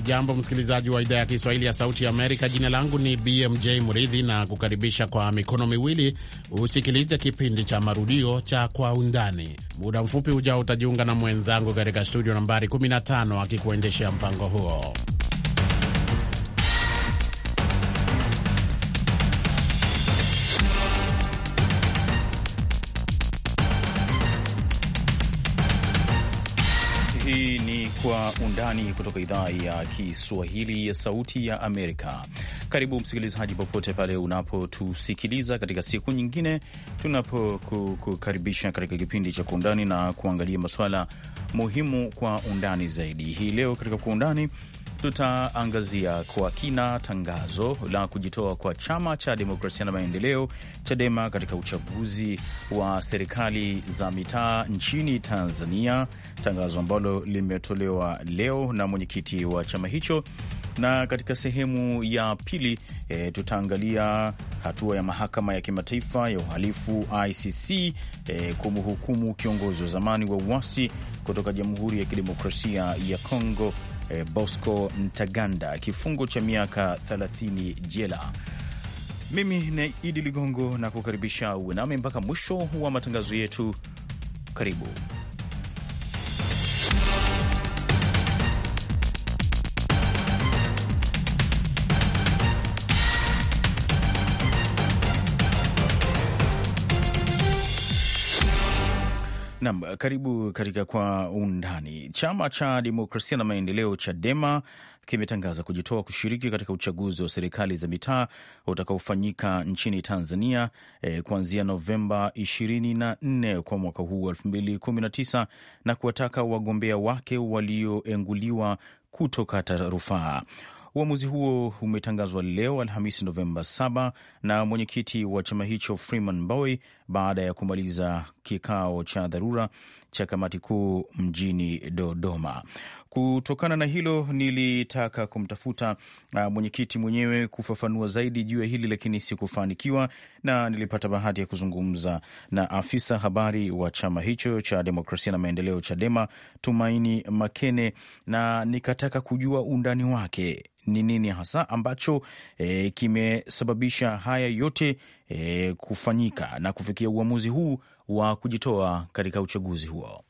Ujambo msikilizaji wa idhaa ya Kiswahili ya Sauti ya Amerika. Jina langu ni BMJ mridhi na kukaribisha kwa mikono miwili usikilize kipindi cha marudio cha Kwa Undani. Muda mfupi ujao utajiunga na mwenzangu katika studio nambari 15 akikuendeshea mpango huo. Undani kutoka idhaa ya Kiswahili ya Sauti ya Amerika. Karibu msikilizaji, popote pale unapotusikiliza katika siku nyingine, tunapokukaribisha katika kipindi cha Kwa Undani na kuangalia masuala muhimu kwa undani zaidi. Hii leo katika Kwa Undani tutaangazia kwa kina tangazo la kujitoa kwa chama cha demokrasia na maendeleo CHADEMA katika uchaguzi wa serikali za mitaa nchini Tanzania, tangazo ambalo limetolewa leo na mwenyekiti wa chama hicho na katika sehemu ya pili e, tutaangalia hatua ya mahakama ya kimataifa ya uhalifu ICC e, kumhukumu kiongozi wa zamani wa uasi kutoka Jamhuri ya Kidemokrasia ya Kongo Eh, Bosco Ntaganda kifungo cha miaka 30 jela. Mimi ni Idi Ligongo na kukaribisha uwe nami mpaka mwisho wa matangazo yetu. Karibu. Nam, karibu katika Kwa Undani. Chama cha Demokrasia na Maendeleo, CHADEMA, kimetangaza kujitoa kushiriki katika uchaguzi wa serikali za mitaa utakaofanyika nchini Tanzania eh, kuanzia Novemba 24 kwa mwaka huu wa 2019 na kuwataka wagombea wake walioenguliwa kutokata rufaa. Uamuzi huo umetangazwa leo Alhamisi Novemba 7 na mwenyekiti wa chama hicho Freeman Boy baada ya kumaliza kikao cha dharura cha kamati kuu mjini Dodoma. Kutokana na hilo, nilitaka kumtafuta uh, mwenyekiti mwenyewe kufafanua zaidi juu ya hili, lakini sikufanikiwa, na nilipata bahati ya kuzungumza na afisa habari wa chama hicho cha demokrasia na maendeleo, Chadema, Tumaini Makene, na nikataka kujua undani wake ni nini hasa ambacho e, kimesababisha haya yote e, kufanyika na kufikia uamuzi huu wa kujitoa katika uchaguzi huo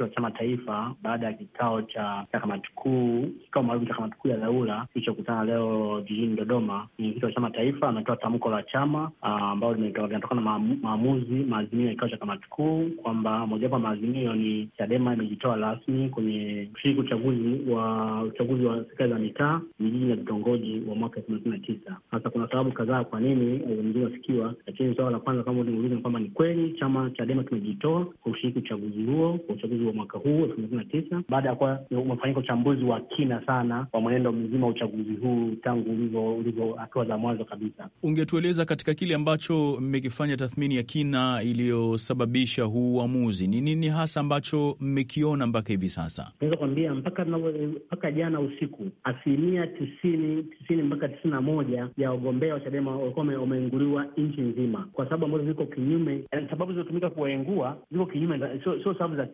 mwenyekiti wa chama taifa baada ya kikao cha kamati kuu, kikao maalum cha kamati kuu ya dharura kilichokutana leo jijini Dodoma, mwenyekiti wa chama taifa ametoa tamko la chama ah, ambalo linatokana na maamuzi maazimio ya kikao cha kamati kuu kwamba mojawapo ya maazimio ni Chadema imejitoa rasmi kwenye kushiriki uchaguzi wa uchaguzi wa serikali za mitaa, vijiji na vitongoji wa mwaka elfu mbili kumi na tisa. Sasa kuna sababu kadhaa kwa nini azungumzi eh, wasikiwa, lakini swala la kwanza kama uliuliza kwamba ni kweli chama Chadema kimejitoa kwa ushiriki uchaguzi huo kwa uchaguzi wa mwaka huu elfu mbili kumi na tisa baada ya kuwa umefanyika uchambuzi wa kina sana wa mwenendo mzima wa uchaguzi huu tangu ulivyo hatua za mwanzo kabisa. Ungetueleza katika kile ambacho mmekifanya tathmini ya kina iliyosababisha huu uamuzi, ni nini hasa ambacho mmekiona mpaka hivi sasa? Naweza kuambia mpaka mpaka jana usiku asilimia tisini tisini mpaka tisini na moja ya wagombea wa Chadema walikuwa wameinguliwa nchi nzima, kwa sababu ambazo ziko kinyume, eh, sababu zilizotumika kuwaengua ziko kinyume, sio sababu za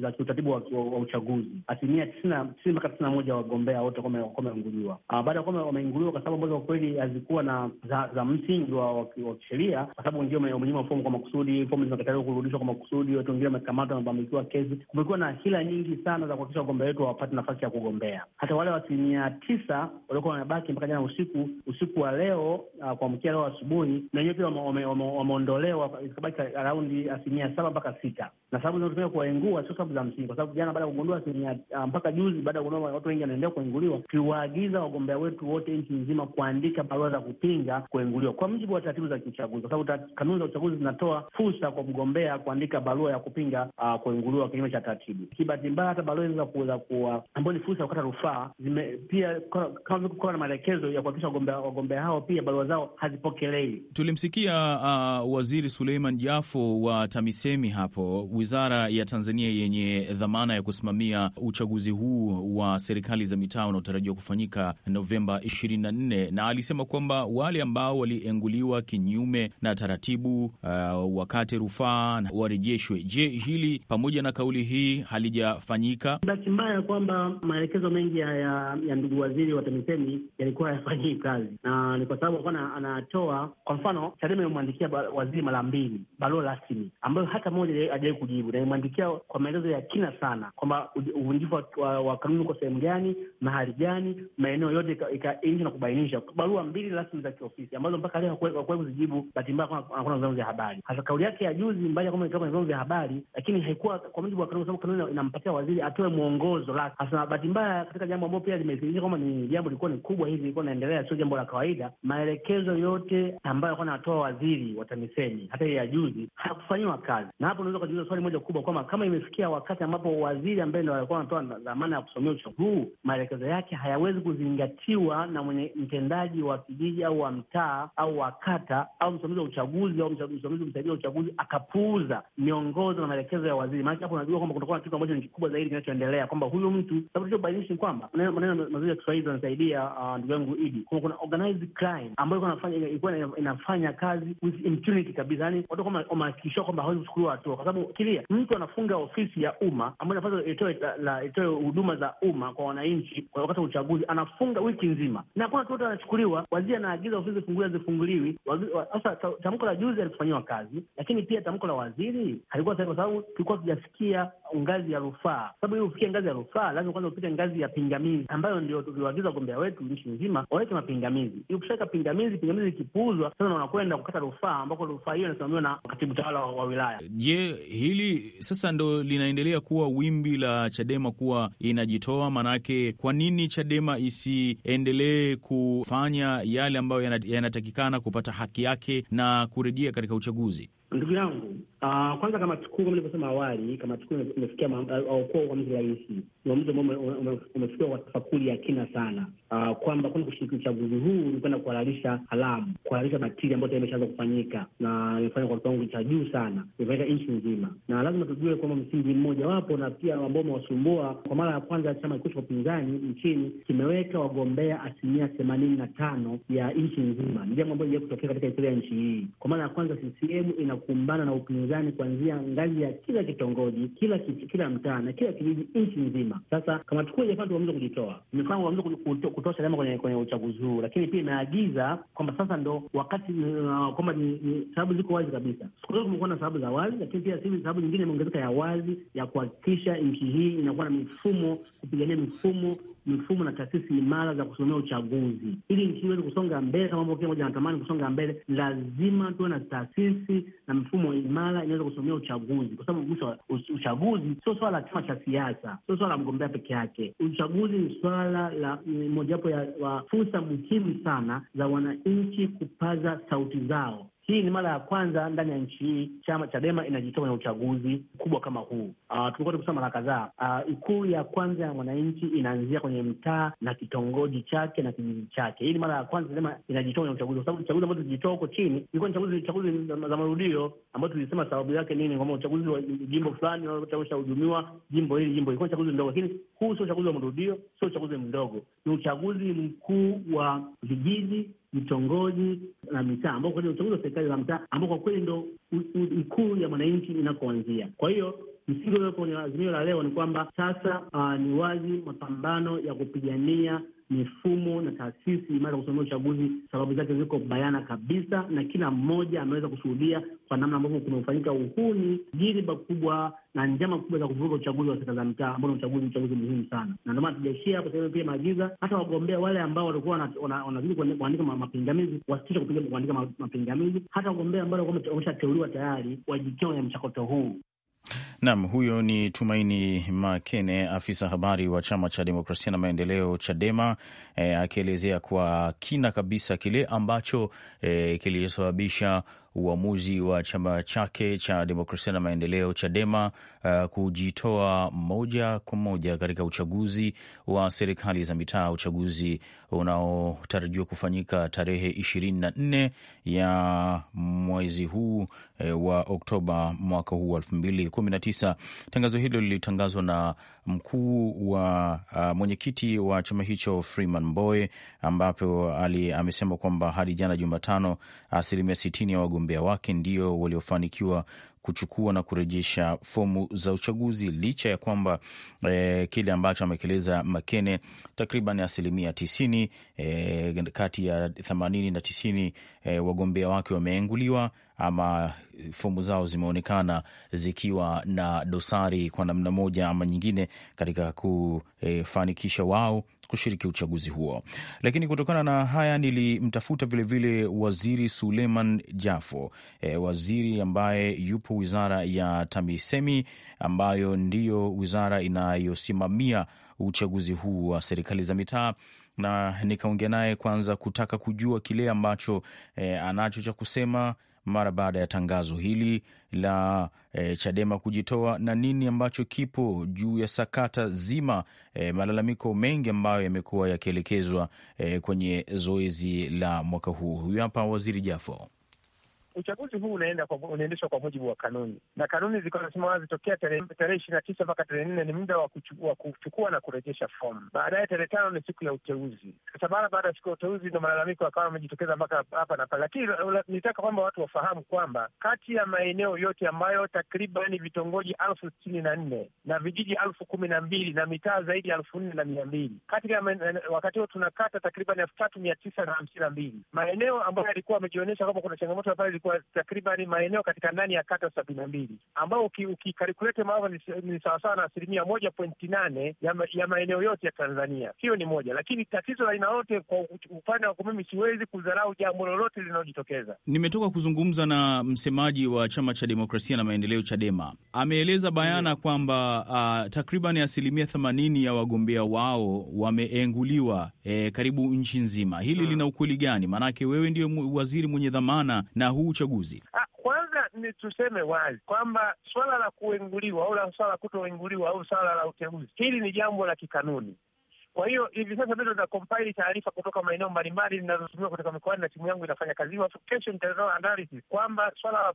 za kiutaratibu wa, wa, wa uchaguzi. Asilimia tisini mpaka tisini na moja wagombea wote wameinguliwa. Ah, baada ya kuwa wameinguliwa kwa sababu ambazo kwa kweli hazikuwa na za, za msingi wa kisheria, kwa sababu wengine wamenyima fomu kwa makusudi, fomu zinakataliwa kurudishwa kwa makusudi, watu wengine wamekamatwa, wamebambikiwa kesi. Kumekuwa na hila nyingi sana za kuhakikisha wagombea wetu hawapati nafasi ya kugombea. Hata wale wa asilimia tisa waliokuwa wamebaki mpaka jana usiku, usiku wa leo uh, kuamkia leo asubuhi, na wenyewe pia wameondolewa, ikabaki raundi asilimia saba mpaka sita, na sababu zinazotumia kuwaingua kabla ya msingi, kwa sababu jana baada ya kugundua asilimia ah, mpaka juzi, baada ya kugundua watu wengi wanaendelea kuenguliwa, tuliwaagiza wagombea wetu wote nchi nzima kuandika barua za kupinga kuenguliwa kwa mujibu wa taratibu za kiuchaguzi, kwa sababu kanuni za uchaguzi zinatoa fursa kwa mgombea kuandika barua ya kupinga uh, ah, kuenguliwa kinyume cha taratibu. Kibahati mbaya, hata barua hizo za kuwa ambayo ni fursa ya kukata rufaa zime pia kama na maelekezo ya kuhakikisha wagombea wagombea hao pia barua zao hazipokelei Tulimsikia uh, waziri Suleiman Jafo wa TAMISEMI hapo wizara ya Tanzania yenye dhamana ya kusimamia uchaguzi huu wa serikali za mitaa unaotarajiwa kufanyika Novemba 24 na alisema kwamba wale ambao walienguliwa kinyume na taratibu uh, wakate rufaa na warejeshwe. Je, hili pamoja na kauli hii halijafanyika? Bahati mbaya kwamba maelekezo mengi ya, ya, ya ndugu waziri wa TAMISEMI yalikuwa yafanyii kazi, na ni kwa sababu anatoa kwa mfano, CHADEMA imemwandikia waziri mara mbili barua rasmi ambayo hata moja hajawahi kujibu na imemwandikia kwa maelezo ya kina sana kwamba uvunjifu wa, wa wa kanuni uko sehemu gani, mahali gani, maeneo yote ikaainisha na kubainisha barua mbili rasmi za kiofisi ambazo mpaka leo hakuwahi kuzijibu. Bahati mbaya hakuna vyombo vya habari. Hasa kauli yake ya juzi, mbali ya kwamba ikaa kwenye vyombo vya habari, lakini haikuwa kwa mujibu wa kanuni, kwa sababu kanuni inampatia waziri atoe mwongozo rasmi. Hasa bahati mbaya katika jambo ambalo pia limethibitisha kwamba ni jambo lilikuwa ni kubwa hivi, lilikuwa linaendelea, sio jambo la kawaida. Maelekezo yote ambayo alikuwa anatoa waziri wa TAMISEMI hata ya juzi hakufanyiwa kazi, na hapo unaweza ukajiuliza swali moja kubwa kwamba kama imefikia pia wakati ambapo waziri ambaye ndo alikuwa anatoa dhamana ya kusomea uchaguzi huu, maelekezo yake hayawezi kuzingatiwa na mwenye mtendaji wa kijiji au wa mtaa au wa kata au msimamizi wa uchaguzi au msimamizi msaidizi wa uchaguzi akapuuza miongozo na maelekezo ya waziri. Maanake hapo unajua kwamba kutakuwa na kitu ambacho ni kikubwa zaidi kinachoendelea, kwamba huyu mtu sababu tulichobainishi ni kwamba maneno mazuri ya Kiswahili anasaidia uh, ndugu yangu Idi, kwamba kuna organized crime ambayo ilikuwa inafanya kazi with impunity kabisa, yani watu kama wamehakikishiwa kwamba hawezi kuchukuliwa hatua, kwa sababu kilia mtu anafunga ofisi taasisi ya umma ambayo inapaswa itoe itoe huduma za umma kwa wananchi kwa wakati wa uchaguzi, anafunga wiki nzima na kuna mtu anachukuliwa. Waziri anaagiza ofisi zifunguliwe, zifunguliwi. Sasa tamko la juzi alikufanyiwa kazi, lakini pia tamko la waziri halikuwa sahihi, kwa sababu tulikuwa tujafikia ngazi ya rufaa. Sababu ili ufikie ngazi ya rufaa, lazima kwanza upite ngazi ya pingamizi, ambayo ndio tuliwaagiza wagombea wetu nchi nzima waweke mapingamizi. Ukishaweka pingamizi, pingamizi ikipuuzwa, sasa wanakwenda kukata rufaa, ambako rufaa hiyo inasimamiwa na katibu tawala wa wilaya. Je, hili sasa ndo lina inaendelea kuwa wimbi la Chadema kuwa inajitoa, manake kwa nini Chadema isiendelee kufanya yale ambayo yanatakikana kupata haki yake na kurejea katika uchaguzi? Ndugu yangu, uh, kwanza kamati kuu kama nilivyosema awali, kamati kuu imefikia aukuwa uamuzi rahisi, uamuzi ambao umefikiwa kwa tafakuri ya kina sana, uh, kwamba kwenda kushiriki uchaguzi huu ni kwenda kuhalalisha haramu, kuhalalisha batili ambayo tayari imeshaanza kufanyika na imefanya kwa kiwango cha juu sana, imefanyika nchi nzima, na lazima tujue kwamba msingi mmoja wapo na pia ambao umewasumbua kwa mara ya kwanza, chama kikuu cha upinzani nchini kimeweka wagombea asilimia themanini na tano ya nchi nzima, ni jambo ambalo lijawahi kutokea katika historia ya nchi hii. Kwa mara ya kwanza CCM ina tunakumbana na upinzani kuanzia ngazi ya kila kitongoji, kila kila mtaa na kila kijiji, nchi nzima. Sasa kama tukue Japani tuwameza kujitoa, mfano wameza kutoa salama kwenye kwenye uchaguzi huu, lakini pia imeagiza kwamba sasa ndo wakati uh, kwamba ni sababu ziko wazi kabisa. Siku zote kumekuwa na sababu za wazi, lakini pia sasa sababu nyingine imeongezeka ya wazi ya kuhakikisha nchi hii inakuwa na mifumo, kupigania mifumo mfumo na taasisi imara za kusimamia uchaguzi, ili nchi iweze kusonga mbele, kama ambavyo moja anatamani kusonga mbele, lazima tuwe na taasisi na mfumo imara inaweza kusimamia uchaguzi, kwa sababu mwisho uchaguzi sio swala la chama cha siasa, sio swala la mgombea peke yake. Uchaguzi ni swala la mojawapo ya fursa muhimu sana za wananchi kupaza sauti zao hii ni mara ya kwanza ndani ya nchi hii chama Chadema inajitoa kwenye uchaguzi mkubwa kama huu. Uh, ah, tumekuwa tukisema mara kadhaa, uh, ah, ikuu ya kwanza ya mwananchi inaanzia kwenye mtaa na kitongoji chake na kijiji chake. Hii ni mara ya kwanza Chadema inajitoa kwenye uchaguzi, kwa sababu chaguzi ambazo tulijitoa huko chini ilikuwa ni chaguzi chaguzi za marudio ambayo tulisema sababu yake nini, kwamba uchaguzi wa jimbo fulani shahudumiwa jimbo hili jimbo ilikuwa chaguzi mdogo, lakini huu sio uchaguzi wa marudio, sio uchaguzi mdogo, ni uchaguzi mkuu wa vijiji vitongoji na mitaa, ambao kwa uchaguzi wa serikali za mtaa, ambao kwa kweli ndo ikuu ya mwananchi inakoanzia. Kwa hiyo msingi uliopo kwenye azimio la leo ni kwamba sasa, uh, ni wazi mapambano ya kupigania mifumo na taasisi imara kusimamia uchaguzi, sababu zake ziko bayana kabisa, na kila mmoja ameweza kushuhudia kwa namna ambavyo kumefanyika uhuni, jiriba kubwa na njama kubwa za kuvuruga uchaguzi wa serikali za mtaa ambao ni uchaguzi uchaguzi muhimu sana, na ndio maana tujaishia hapo. Sasa pia maagiza hata wagombea wale ambao walikuwa wanazidi kuandika mapingamizi wasitisha kupiga kuandika mapingamizi, hata wagombea ambao wameshateuliwa tayari wajikiwa kwenye mchakato huu. Nam, huyo ni Tumaini Makene, afisa habari wa chama cha demokrasia na maendeleo Chadema, e, akielezea kwa kina kabisa kile ambacho e, kilisababisha uamuzi wa chama chake cha demokrasia na maendeleo Chadema uh, kujitoa moja kwa moja katika uchaguzi wa serikali za mitaa, uchaguzi unaotarajiwa kufanyika tarehe ishirini na nne ya mwezi huu eh, wa Oktoba mwaka huu wa elfu mbili kumi na tisa. Tangazo hilo lilitangazwa na mkuu wa uh, mwenyekiti wa chama hicho Freeman Mbowe, ambapo amesema kwamba hadi jana Jumatano asilimia sitini ya wagombea wagombea wake ndio waliofanikiwa kuchukua na kurejesha fomu za uchaguzi licha ya kwamba eh, kile ambacho amekieleza Makene takriban asilimia tisini eh, kati ya themanini na tisini e, wagombea wake wameenguliwa ama fomu zao zimeonekana zikiwa na dosari kwa namna moja ama nyingine katika kufanikisha wao kushiriki uchaguzi huo. Lakini kutokana na haya nilimtafuta vilevile waziri Suleiman Jafo, e, waziri ambaye yupo wizara ya TAMISEMI ambayo ndiyo wizara inayosimamia uchaguzi huu wa serikali za mitaa na nikaongea naye kwanza kutaka kujua kile ambacho eh, anacho cha kusema mara baada ya tangazo hili la e, Chadema kujitoa na nini ambacho kipo juu ya sakata zima e, malalamiko mengi ambayo yamekuwa yakielekezwa e, kwenye zoezi la mwaka huu. Huyu hapa Waziri Jafo uchaguzi huu unaenda kwa, unaendeshwa kwa mujibu wa kanuni na kanuni zilikuwa zinasema wazi tokea tarehe ishirini na tisa mpaka tarehe nne ni muda wa kuchukua na kurejesha fomu. Baadaye tarehe tano ni siku ya uteuzi. Sasa mara baada ya siku ya uteuzi ndo malalamiko yakawa amejitokeza mpaka hapa na pale, lakini nitaka kwamba watu wafahamu kwamba kati ya maeneo yote ambayo takriban vitongoji elfu sitini na nne na vijiji elfu kumi na mbili na mitaa zaidi ya elfu nne na mia mbili kati wakati huo tunakata takriban elfu tatu mia tisa na hamsini na mbili maeneo ambayo yalikuwa yamejionyesha kwamba kuna changamoto ya pale kwa takriban maeneo katika ndani ya kata sabini na mbili ambao ukikalkulate maavo ni, ni sawasawa na asilimia moja pointi nane ya, ma, ya maeneo yote ya Tanzania. Hiyo ni moja, lakini tatizo la aina yote kwa upande wangu mimi siwezi kudharau jambo lolote linalojitokeza. Nimetoka kuzungumza na msemaji wa chama cha demokrasia na maendeleo CHADEMA, ameeleza bayana hmm, kwamba uh, takriban asilimia themanini ya wagombea wao wameenguliwa eh, karibu nchi nzima. Hili hmm, lina ukweli gani? Maanake wewe ndio waziri mwenye dhamana na huu uchaguzi? Ah, kwanza ni tuseme wazi kwamba swala la kuenguliwa au la swala la kutoenguliwa au swala la uteuzi, hili ni jambo la kikanuni. Kwa hiyo hivi sasa bado na compile taarifa kutoka maeneo mbalimbali zinazotumiwa kutoka mikoani na timu yangu inafanya kazi hiyo. kesho nitatoa analysis kwamba swala la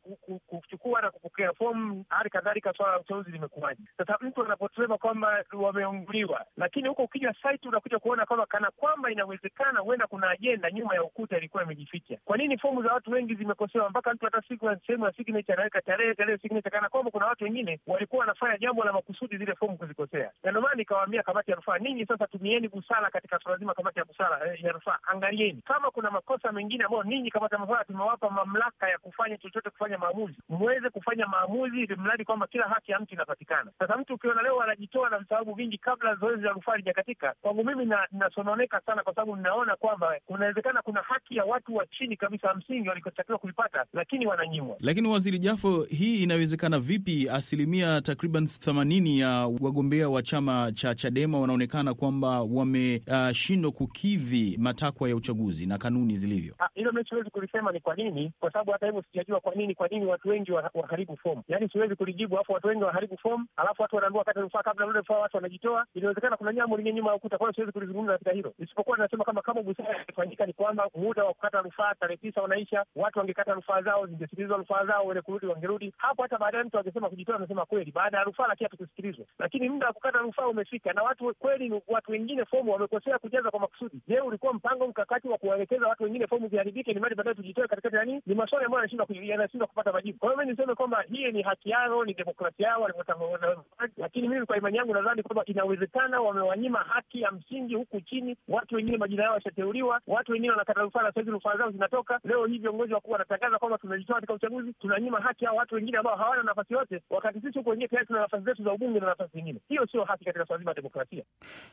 kuchukua na kupokea fomu, hali kadhalika swala la uteuzi limekuwaje. Sasa mtu anaposema kwamba wameunguliwa, lakini huko ukija site unakuja kuona kwamba kana kwamba inawezekana huenda kuna ajenda nyuma ya ukuta ilikuwa imejificha. Kwa nini fomu za watu wengi zimekosewa mpaka mtu hata siku sehemu ya signature anaweka tarehe tarehe signature, kana kwamba kuna watu wengine walikuwa wanafanya jambo la makusudi zile fomu kuzikosea, na ndio maana nikawaambia kamati ya rufaa, ninyi sasa tumi tumieni busara katika suala zima. Kamati ya busara eh, ya rufaa, angalieni kama kuna makosa mengine ambayo ninyi kamati ya busara tumewapa mamlaka ya kufanya chochote, kufanya maamuzi, mweze kufanya maamuzi ili mradi kwamba kila haki ya mtu inapatikana. Sasa mtu ukiona leo anajitoa na visababu vingi kabla zoezi la rufaa lijakatika, kwangu mimi nasononeka na sana, kwa sababu ninaona kwamba kunawezekana kuna haki ya watu wa chini kabisa msingi walikotakiwa kuipata, lakini wananyimwa. Lakini Waziri Jafo, hii inawezekana vipi? Asilimia takriban themanini ya wagombea wa chama cha Chadema wanaonekana kwamba wameshindwa uh, kukidhi matakwa ya uchaguzi na kanuni zilivyo. Ah, hilo mimi siwezi kulisema ni kwa nini, kwa sababu hata hivyo sijajua kwa nini, kwa nini watu wengi waharibu fomu, yani siwezi kulijibu. Alafu watu wengi waharibu fomu, alafu watu wanaambiwa kata rufaa, kabla ya rufaa watu wanajitoa. Inawezekana kuna nyambo lingine nyuma ya ukuta, kwa hiyo siwezi kulizungumza katika hilo, isipokuwa nasema kama kama busara ilifanyika ni kwamba muda wa kukata rufaa tarehe tisa wanaisha watu wangekata rufaa zao, zingesikilizwa rufaa zao, wene kurudi wangerudi hapo, hata baadaye mtu angesema kujitoa, anasema kweli, baada ya rufaa lakini hatukusikilizwa, lakini muda wa kukata rufaa umefika na watu kweli, watu wengi wengine fomu wamekosea kujaza kwa makusudi. Je, ulikuwa mpango mkakati wa kuwaelekeza watu wengine fomu ziharibike, ni mali baadaye tujitoe katikati ya nini? Ni maswali ambayo yanashindwa kupata majibu. Kwa hiyo mi niseme kwamba hii ni haki yao, ni demokrasia yao walivyotangaza, lakini mimi kwa imani yangu nadhani kwamba inawezekana wamewanyima haki ya msingi huku chini. Watu wengine majina yao yashateuliwa, watu wengine wanakata rufaa, na sahizi rufaa zao zinatoka leo hii. Viongozi wakuu wanatangaza kwamba tumejitoa katika uchaguzi, tunanyima haki hao watu wengine ambao hawana nafasi yote, wakati sisi huku wengine tayari tuna nafasi zetu za ubunge na nafasi zingine. Hiyo sio haki katika swala zima la demokrasia.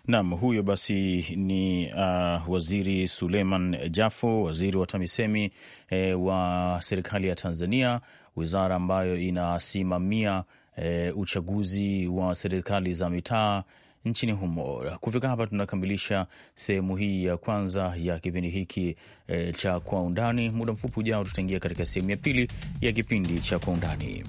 Naam huyo basi ni uh, Waziri Suleiman Jafo, waziri wa TAMISEMI eh, wa serikali ya Tanzania, wizara ambayo inasimamia eh, uchaguzi wa serikali za mitaa nchini humo. Kufika hapa tunakamilisha sehemu hii ya kwanza ya kipindi hiki eh, cha Kwa Undani. Muda mfupi ujao, tutaingia katika sehemu ya pili ya kipindi cha Kwa Undani.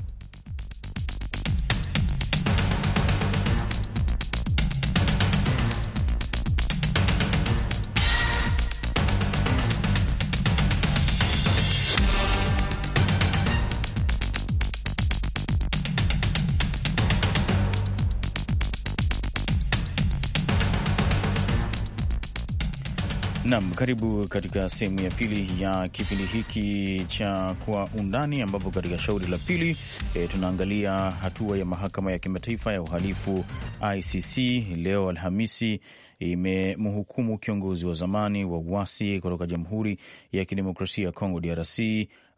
Karibu katika sehemu ya pili ya kipindi hiki cha Kwa Undani, ambapo katika shauri la pili e, tunaangalia hatua ya mahakama ya kimataifa ya uhalifu ICC leo Alhamisi imemhukumu kiongozi wa zamani wa uasi kutoka Jamhuri ya Kidemokrasia ya Kongo, DRC,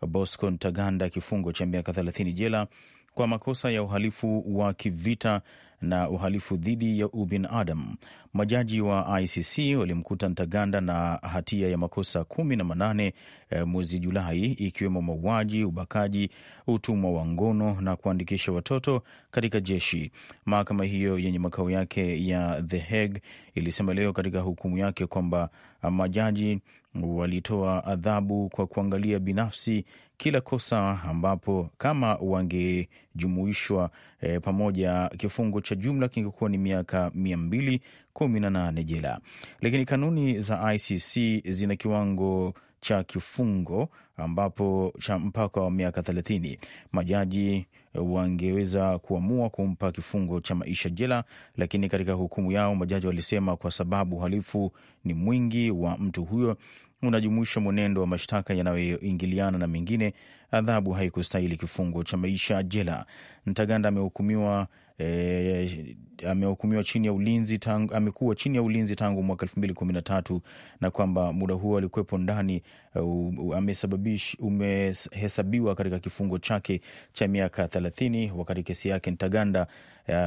Bosco Ntaganda kifungo cha miaka 30 jela kwa makosa ya uhalifu wa kivita na uhalifu dhidi ya ubinadamu. Majaji wa ICC walimkuta Ntaganda na hatia ya makosa kumi na manane eh, mwezi Julai, ikiwemo mauaji, ubakaji, utumwa wa ngono na kuandikisha watoto katika jeshi. Mahakama hiyo yenye makao yake ya The Hague ilisema leo katika hukumu yake kwamba majaji walitoa adhabu kwa kuangalia binafsi kila kosa, ambapo kama wangejumuishwa e, pamoja kifungo cha jumla kingekuwa ni miaka mia mbili kumi na nane jela, lakini kanuni za ICC zina kiwango cha kifungo ambapo cha mpaka wa miaka thelathini majaji wangeweza kuamua kumpa kifungo cha maisha jela, lakini katika hukumu yao majaji walisema kwa sababu uhalifu ni mwingi wa mtu huyo unajumuisha mwenendo wa mashtaka yanayoingiliana na mengine adhabu haikustahili kifungo cha maisha jela. Ntaganda amehukumiwa E, amehukumiwa chini ya ulinzi tangu, amekuwa chini ya ulinzi tangu mwaka elfu mbili kumi na tatu na kwamba muda huo alikuwepo ndani eh, umehesabiwa katika kifungo chake cha miaka thelathini. Wakati kesi yake Ntaganda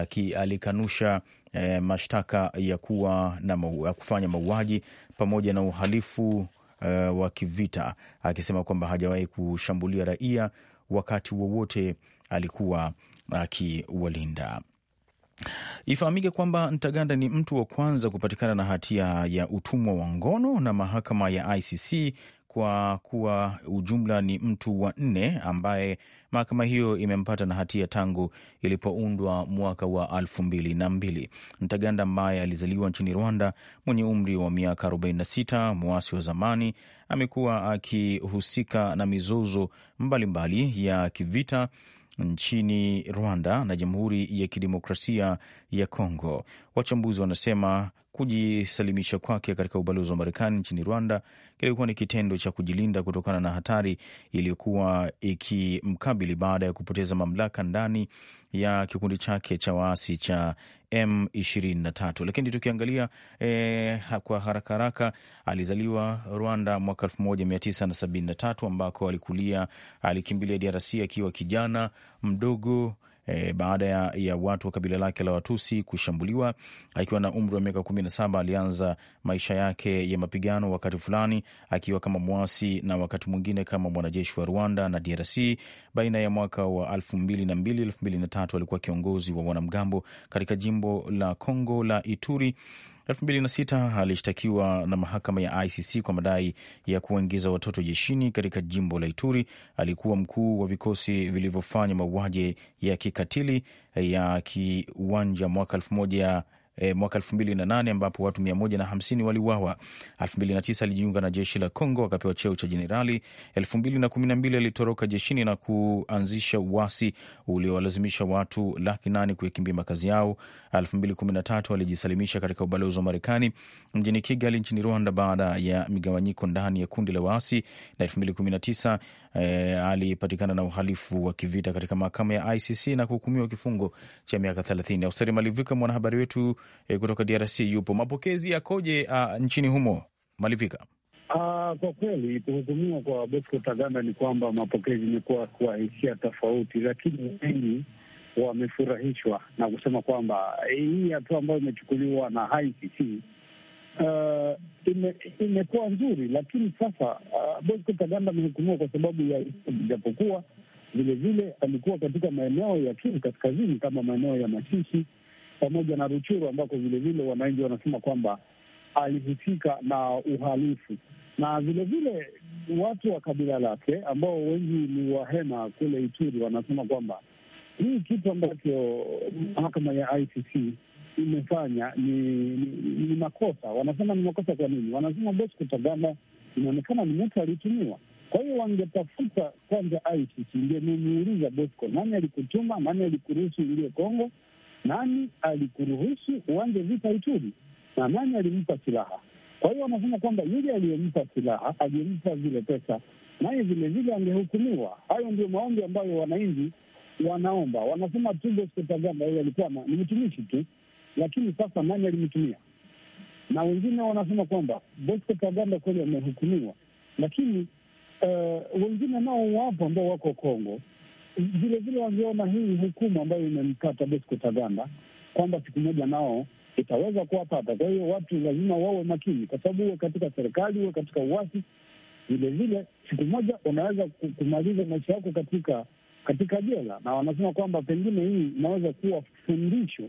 ki alikanusha e, mashtaka ya kuwa na kufanya mauaji pamoja na uhalifu uh, wa kivita akisema kwamba hajawahi kushambulia raia wakati wowote alikuwa akiwalinda. Ifahamike kwamba Ntaganda ni mtu wa kwanza kupatikana na hatia ya utumwa wa ngono na mahakama ya ICC kwa kuwa ujumla ni mtu wa nne ambaye mahakama hiyo imempata na hatia tangu ilipoundwa mwaka wa elfu mbili na mbili. Ntaganda ambaye alizaliwa nchini Rwanda, mwenye umri wa miaka 46, mwasi wa zamani, amekuwa akihusika na mizozo mbalimbali mbali ya kivita nchini Rwanda na Jamhuri ya Kidemokrasia ya Kongo. Wachambuzi wanasema kujisalimisha kwake katika ubalozi wa Marekani nchini Rwanda kilikuwa ni kitendo cha kujilinda kutokana na hatari iliyokuwa ikimkabili baada ya kupoteza mamlaka ndani ya kikundi chake cha waasi cha M23. Lakini tukiangalia eh, kwa haraka haraka, alizaliwa Rwanda mwaka 1973 ambako alikulia. Alikimbilia DRC akiwa kijana mdogo e, baada ya, ya watu wa kabila lake la Watusi kushambuliwa. Akiwa na umri wa miaka kumi na saba alianza maisha yake ya mapigano, wakati fulani akiwa kama mwasi na wakati mwingine kama mwanajeshi wa Rwanda na DRC. Baina ya mwaka wa elfu mbili na mbili elfu mbili na tatu alikuwa kiongozi wa wanamgambo katika jimbo la Kongo la Ituri elfu mbili na sita alishtakiwa na mahakama ya ICC kwa madai ya kuwaingiza watoto jeshini katika jimbo la Ituri. Alikuwa mkuu wa vikosi vilivyofanya mauaji ya kikatili ya kiwanja mwaka elfu moja e, mwaka nane ambapo watu 150 waliuawa. tisa alijiunga na jeshi la congo akapewa cheo cha jenerali. mbili alitoroka jeshini na kuanzisha uwasi uliowalazimisha watu laki nane kuyakimbia makazi yao. tatu alijisalimisha katika ubalozi wa Marekani mjini Kigali nchini Rwanda baada ya migawanyiko ndani ya kundi la waasi, na tisa eh, alipatikana na uhalifu wa kivita katika mahakama ya ICC na kuhukumiwa kifungo cha miaka thelathini. Austeri Malivika, mwanahabari wetu eh, kutoka DRC yupo. Mapokezi yakoje a, ah, nchini humo Malivika? Aa, ah, kwa kweli kuhukumiwa kwa Bosco Ntaganda ni kwamba mapokezi imekuwa kwa hisia tofauti, lakini wengi wamefurahishwa na kusema kwamba hii hatua ambayo imechukuliwa na ICC uh, imekuwa ime nzuri, lakini sasa uh, Bosco Ntaganda amehukumiwa kwa sababu ya ijapokuwa vilevile alikuwa katika maeneo ya Kivu Kaskazini kama maeneo ya Masisi pamoja na Ruchuru ambako vilevile wananchi wanasema kwamba alihusika na uhalifu, na vilevile watu wa kabila lake ambao wengi ni Wahema kule Ituri wanasema kwamba hii kitu ambacho mahakama ya ICC imefanya ni, ni, ni makosa. Wanasema ni makosa. Kwa nini? Wanasema Bosco Ntaganda inaonekana ni mtu alitumiwa. Kwa hiyo wangetafuta kwanza ICC, ndio nimuuliza Bosco, nani alikutuma? Nani alikuruhusu uingie Kongo? Nani alikuruhusu uanze vita Ituri? na nani alimpa silaha? Kwa hiyo wanasema kwamba yule aliyempa silaha, aliyempa zile pesa, naye vilevile angehukumiwa. Hayo ndio maombi ambayo wananchi wanaomba. Wanasema tu Bosco Ntaganda yeye alikuwa ni mtumishi tu lakini sasa nani alimtumia? Na wengine wanasema kwamba Bosco Ntaganda kweli amehukumiwa, lakini uh, wengine nao wapo ambao wako Kongo vilevile wangeona hii hukumu ambayo imempata Bosco Ntaganda kwamba siku moja nao itaweza kuwapata. Kwa hiyo watu lazima wawe makini, kwa sababu huwe katika serikali, huwe katika uasi, vilevile siku moja unaweza kumaliza maisha yako katika katika jela. Na wanasema kwamba pengine hii inaweza kuwa fundisho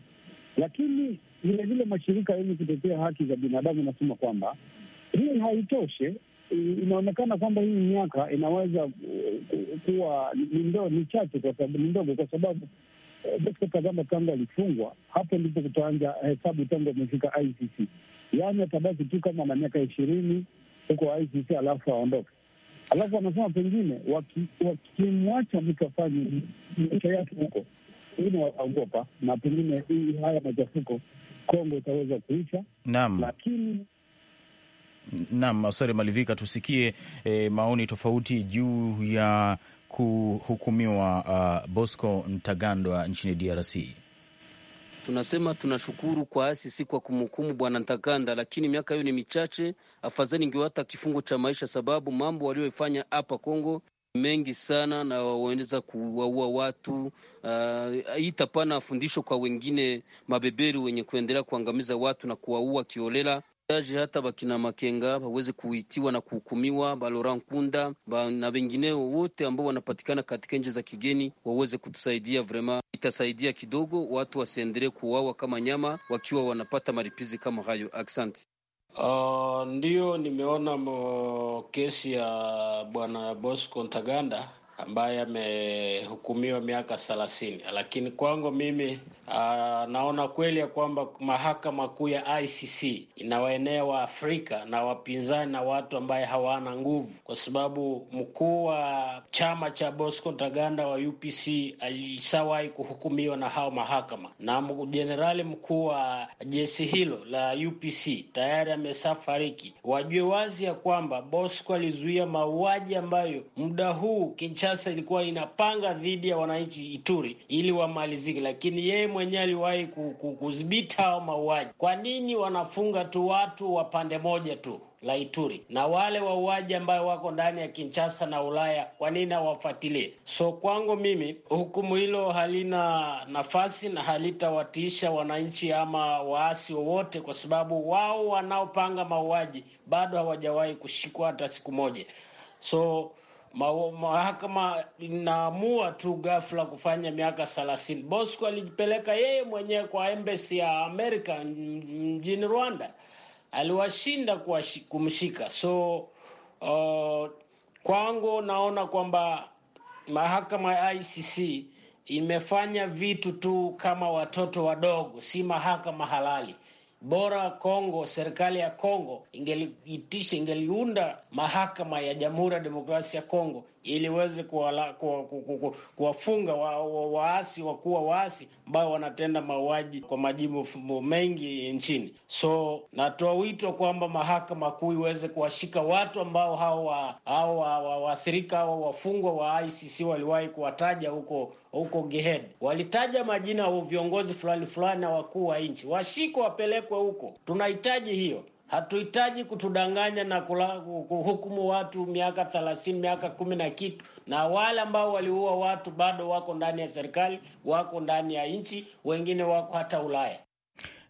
lakini vile vile mashirika yenye kutetea haki za binadamu inasema kwamba hii haitoshe. Inaonekana kwamba hii miaka inaweza uh, kuwa ni ndogo, ni chache, ni ndogo, kwa sababu uh, Dokta Kagame tangu alifungwa, hapo ndipo kutoanja hesabu tangu amefika ICC, yaani atabaki tu kama na miaka ishirini huko ICC alafu aondoke. Alafu anasema pengine wakimwacha waki mtu afanye maisha yake huko wengine wataogopa, na pengine hii haya machafuko Kongo itaweza kuisha. Naam, lakini naam, sorry Malivika, tusikie eh, maoni tofauti juu ya kuhukumiwa uh, Bosco Ntaganda nchini DRC. Tunasema tunashukuru kwa asi, si kwa kumhukumu bwana Ntaganda, lakini miaka hiyo ni michache. Afadhali ingewata kifungo cha maisha, sababu mambo walioifanya hapa Kongo mengi sana na waweza kuwaua watu. Uh, itapana fundisho kwa wengine mabeberu wenye kuendelea kuangamiza watu na kuwaua kiolela aji hata bakina Makenga waweze kuitiwa na kuhukumiwa, Balora Nkunda na wengineo wote ambao wanapatikana katika nje za kigeni waweze kutusaidia vrema. Itasaidia kidogo watu wasiendelee kuuawa kama nyama wakiwa wanapata maripizi kama hayo. Aksanti. Uh, ndio nimeona kesi ya bwana Bosco Ntaganda ambaye amehukumiwa miaka thelathini, lakini kwangu mimi Ah, naona kweli ya kwamba mahakama kuu ya ICC inawaenea afrika na wapinzani na watu ambaye hawana nguvu, kwa sababu mkuu wa chama cha Bosco Ntaganda wa UPC alishawahi kuhukumiwa na hao mahakama, na jenerali mkuu wa jeshi hilo la UPC tayari amesafariki Wajue wazi ya kwamba Bosco alizuia mauaji ambayo muda huu Kinshasa ilikuwa inapanga dhidi ya wananchi Ituri ili wamalizike, lakini yeye mwenyewe aliwahi kudhibiti hao mauaji. Kwa nini wanafunga tu watu wa pande moja tu la Ituri na wale wauaji ambayo wako ndani ya Kinshasa na Ulaya, kwa nini hawafuatilie? So kwangu mimi hukumu hilo halina nafasi na halitawatiisha wananchi ama waasi wowote, kwa sababu wao wanaopanga mauaji bado hawajawahi kushikwa hata siku moja. So mahakama inaamua tu ghafla kufanya miaka thelathini. Bosco alijipeleka yeye mwenyewe kwa embassy ya Amerika mjini Rwanda, aliwashinda kumshika. So uh, kwangu naona kwamba mahakama ya ICC imefanya vitu tu kama watoto wadogo, si mahakama halali. Bora Kongo, serikali ya Kongo ingeliitisha, ingeliunda mahakama ya Jamhuri ya Demokrasia ya Kongo ili iweze kuwafunga waasi wa, wa wakuwa waasi ambao wanatenda mauaji kwa majimbo mengi nchini. So natoa wito kwamba mahakama kuu iweze kuwashika watu ambao hao waathirika au wafungwa wa ICC waliwahi kuwataja huko huko Gihed. Walitaja majina ya viongozi fulani fulani na wakuu wa nchi, washiko wapelekwe huko. Tunahitaji hiyo Hatuhitaji kutudanganya na kuhukumu watu miaka thelathini, miaka kumi na kitu. Na wale ambao waliua watu bado wako ndani ya serikali, wako ndani ya nchi, wengine wako hata Ulaya.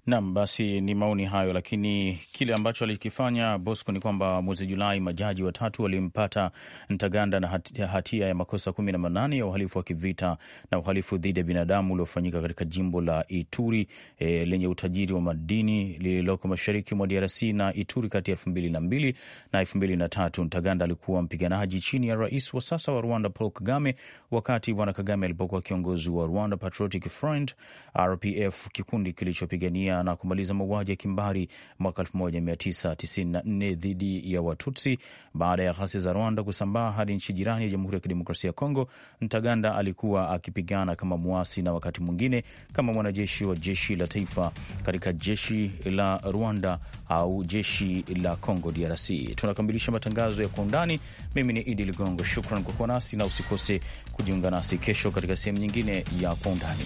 Nam, basi ni maoni hayo, lakini kile ambacho alikifanya Bosco ni kwamba mwezi Julai majaji watatu walimpata Ntaganda na hatia ya makosa kumi na manane ya uhalifu wa kivita na uhalifu dhidi ya binadamu uliofanyika katika jimbo la Ituri e, lenye utajiri wa madini lililoko mashariki mwa DRC na Ituri kati ya elfu mbili na mbili na elfu mbili na tatu. Ntaganda alikuwa mpiganaji chini ya rais wa sasa wa Rwanda Paul Kagame, wakati Bwana Kagame alipokuwa kiongozi wa Rwanda Patriotic Front RPF, kikundi kilichopigania na kumaliza mauaji ya kimbari mwaka 1994 dhidi ya Watutsi baada ya ghasia za Rwanda kusambaa hadi nchi jirani ya Jamhuri ya Kidemokrasia ya Kongo. Ntaganda alikuwa akipigana kama muasi na wakati mwingine kama mwanajeshi wa jeshi la taifa katika jeshi la Rwanda au jeshi la Kongo DRC. Tunakamilisha matangazo ya Kwa Undani. Mimi ni Idi Ligongo, shukran kwa kuwa nasi na usikose kujiunga nasi kesho katika sehemu nyingine ya Kwa Undani.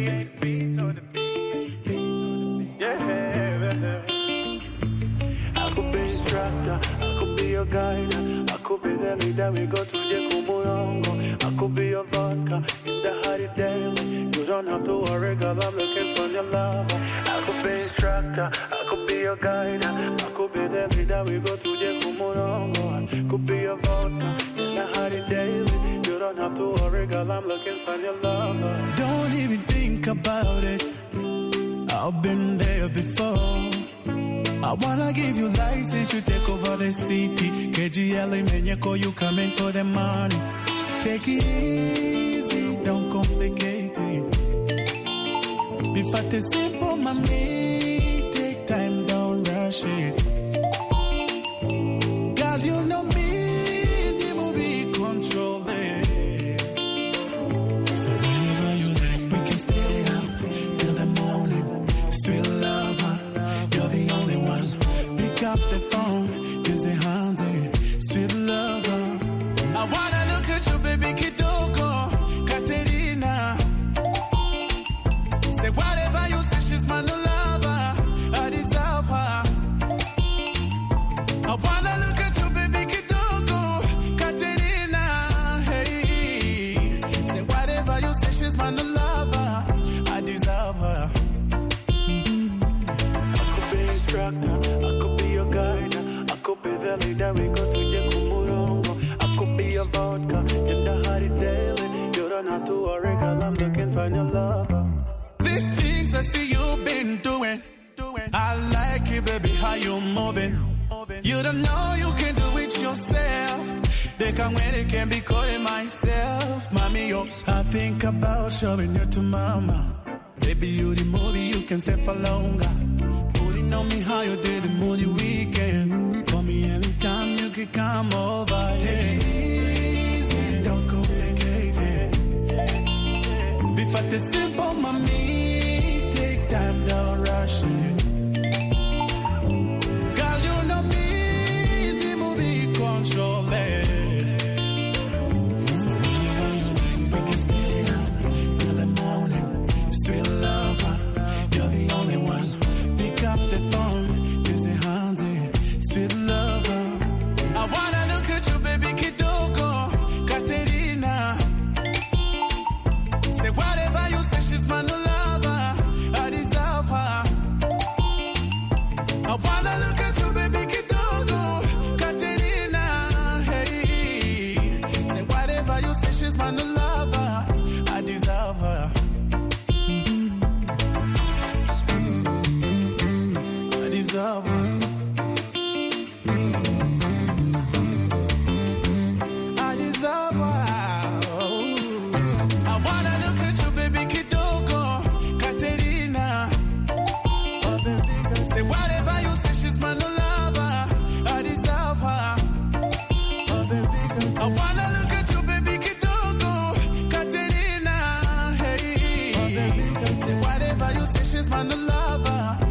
guide. I could be the leader, we go to the Kumurongo. I could be your vodka in the hot day. You don't have to worry, girl, I'm looking for your love. I could be instructor, I could be your guide. I could be the leader, we go to the Kumurongo. I could be your vodka in the hot day. You don't have to worry, girl, I'm looking for your love. Don't even think about it. I've been there before. I wanna give you license, you take over the city. KGL imenyeko, you coming for the money. Take it easy, don't complicate it. Before the simple, my i I'm looking for your lover These things I see you've been doing I like it, baby, how you moving. You don't know you can do it yourself. They come when they can be calling myself. Mommy, yo, I think about showing you to mama. Baby, you the movie, you can stay for longer. Putting on me how you did the movie could come over. Take yeah. it easy, don't complicate it. Be fat simple, mommy. you say she's my new lover.